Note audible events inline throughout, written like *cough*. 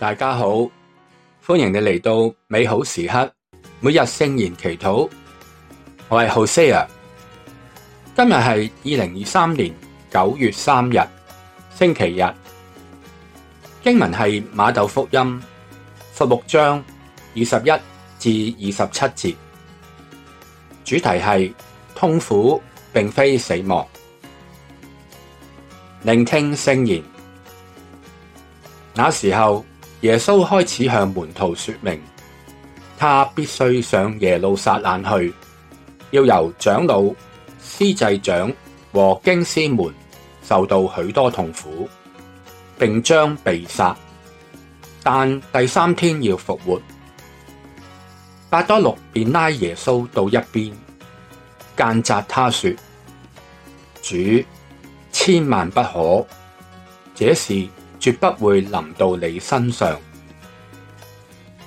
大家好，歡迎你嚟到美好時刻，每日聖言祈禱。我係 Hosea，今日係二零二三年九月三日星期日。經文係馬竇福音十六章二十一至二十七節，主題係痛苦並非死亡。聆聽聖言，那時候。耶穌開始向門徒說明，他必須上耶路撒冷去，要由長老、司祭長和經師們受到許多痛苦，並將被殺，但第三天要復活。伯多祿便拉耶穌到一邊，諫責他說：主，千萬不可，這事。絕不會臨到你身上。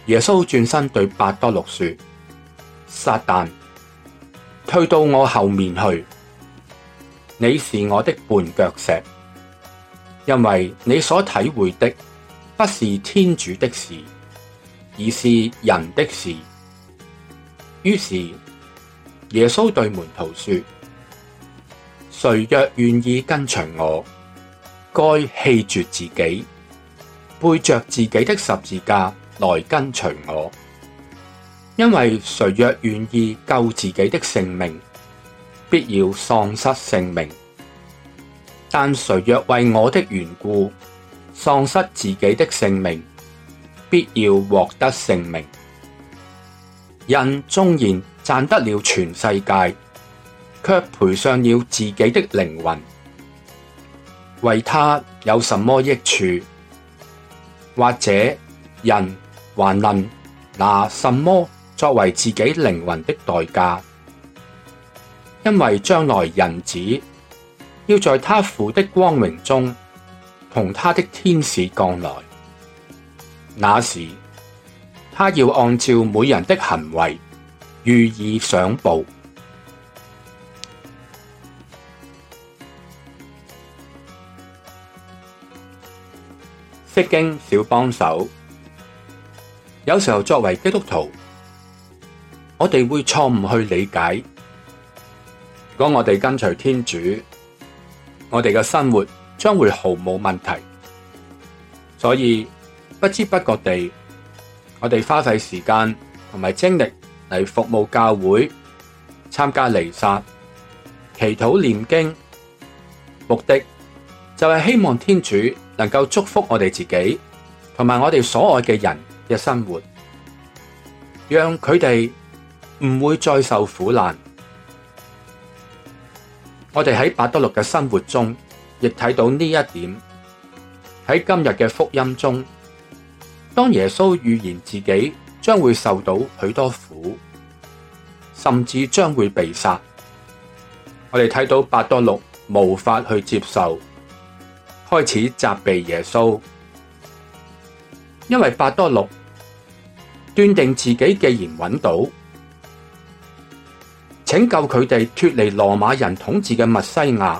耶穌轉身對伯多祿說：撒殫，退到我後面去！你是我的絆腳石，因為你所體會的不是天主的事，而是人的事。於是耶穌對門徒說：誰若願意跟隨我，該棄絕自己，背着自己的十字架來跟隨我，因為誰若願意救自己的性命，必要喪失性命；但誰若為我的緣故喪失自己的性命，必要獲得性命。人縱然賺得了全世界，卻賠上了自己的靈魂。為他有什麼益處？或者人還能拿什麼作為自己靈魂的代價？因為將來人子要在他父的光榮中同他的天使降來，那時他要按照每人的行為予以賞報。釋經小幫手，有時候作為基督徒，我哋會錯誤去理解，如果我哋跟隨天主，我哋嘅生活將會毫無問題。所以不知不覺地，我哋花費時間同埋精力嚟服務教會、參加彌撒、祈禱、念經，目的，就係希望天主能夠祝福我哋自己，同埋我哋所愛嘅人嘅生活，讓佢哋唔會再受苦難。我哋喺伯多祿嘅生活中亦睇到呢一點。喺今日嘅福音中，當耶穌預言自己將會受到許多苦，甚至將會被殺，我哋睇到伯多祿無法去接受。開始責備耶穌，因為伯多祿斷定自己既然揾到拯救佢哋脫離羅馬人統治嘅默西亞，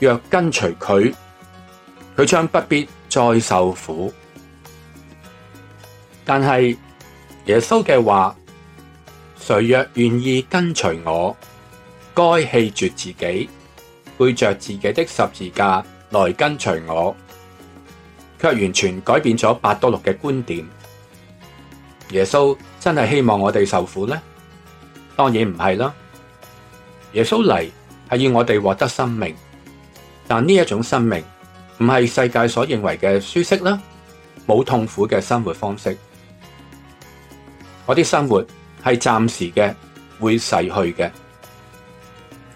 若跟隨佢，佢將不必再受苦。但係耶穌嘅話，誰若願意跟隨我，該棄絕自己，背著自己的十字架。來跟隨我，卻完全改變咗伯多祿嘅觀點。耶穌真係希望我哋受苦呢？當然唔係啦。耶穌嚟係要我哋獲得生命，但呢一種生命唔係世界所認為嘅舒適啦，冇痛苦嘅生活方式。我啲生活係暫時嘅，會逝去嘅，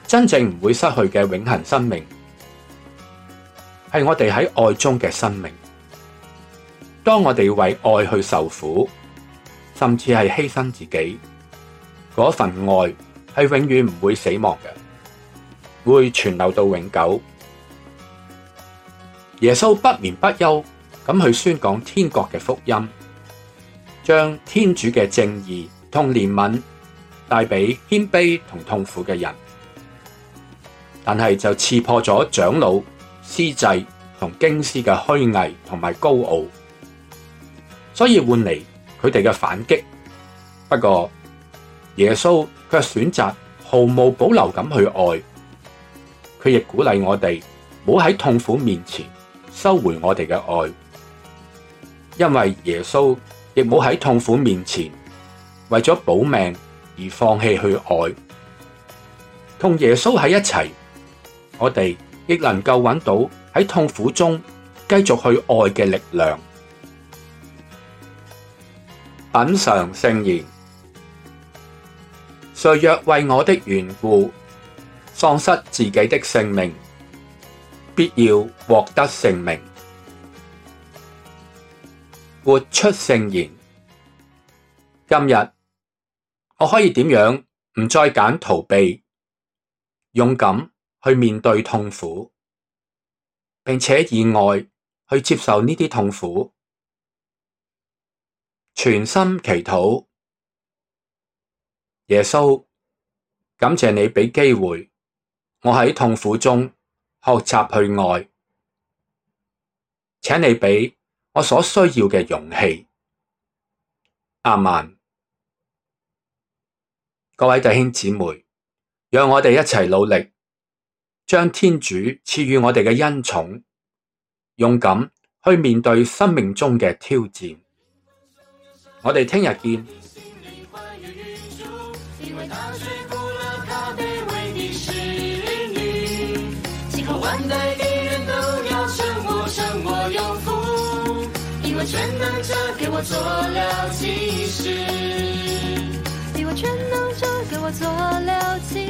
真正唔會失去嘅永恆生命。係我哋喺愛中嘅生命。當我哋為愛去受苦，甚至係犧牲自己，嗰份愛係永遠唔會死亡嘅，會存留到永久。耶穌不眠不休咁去宣講天國嘅福音，將天主嘅正義同憐憫帶俾謙卑同痛苦嘅人，但係就刺破咗長老、司祭同經師嘅虛偽同埋高傲，所以換嚟佢哋嘅反擊。不過耶穌卻選擇毫無保留咁去愛，佢亦鼓勵我哋唔好喺痛苦面前收回我哋嘅愛，因為耶穌亦唔好喺痛苦面前為咗保命而放棄去愛。同耶穌喺一齊，我哋，亦能夠揾到喺痛苦中繼續去愛嘅力量。品嘗聖言。誰若為我的緣故喪失自己的性命，必要獲得性命。活出聖言。今日我可以點樣唔再揀逃避，勇敢，去面對痛苦，並且以愛去接受呢啲痛苦。全心祈禱。耶穌，感謝你俾機會，我喺痛苦中學習去愛，請你俾我所需要嘅勇氣。阿們。各位弟兄姊妹，讓我哋一齊努力。將天主賜予我哋嘅恩寵，勇敢去面對生命中嘅挑戰。我哋聽日見。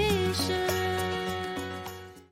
*music*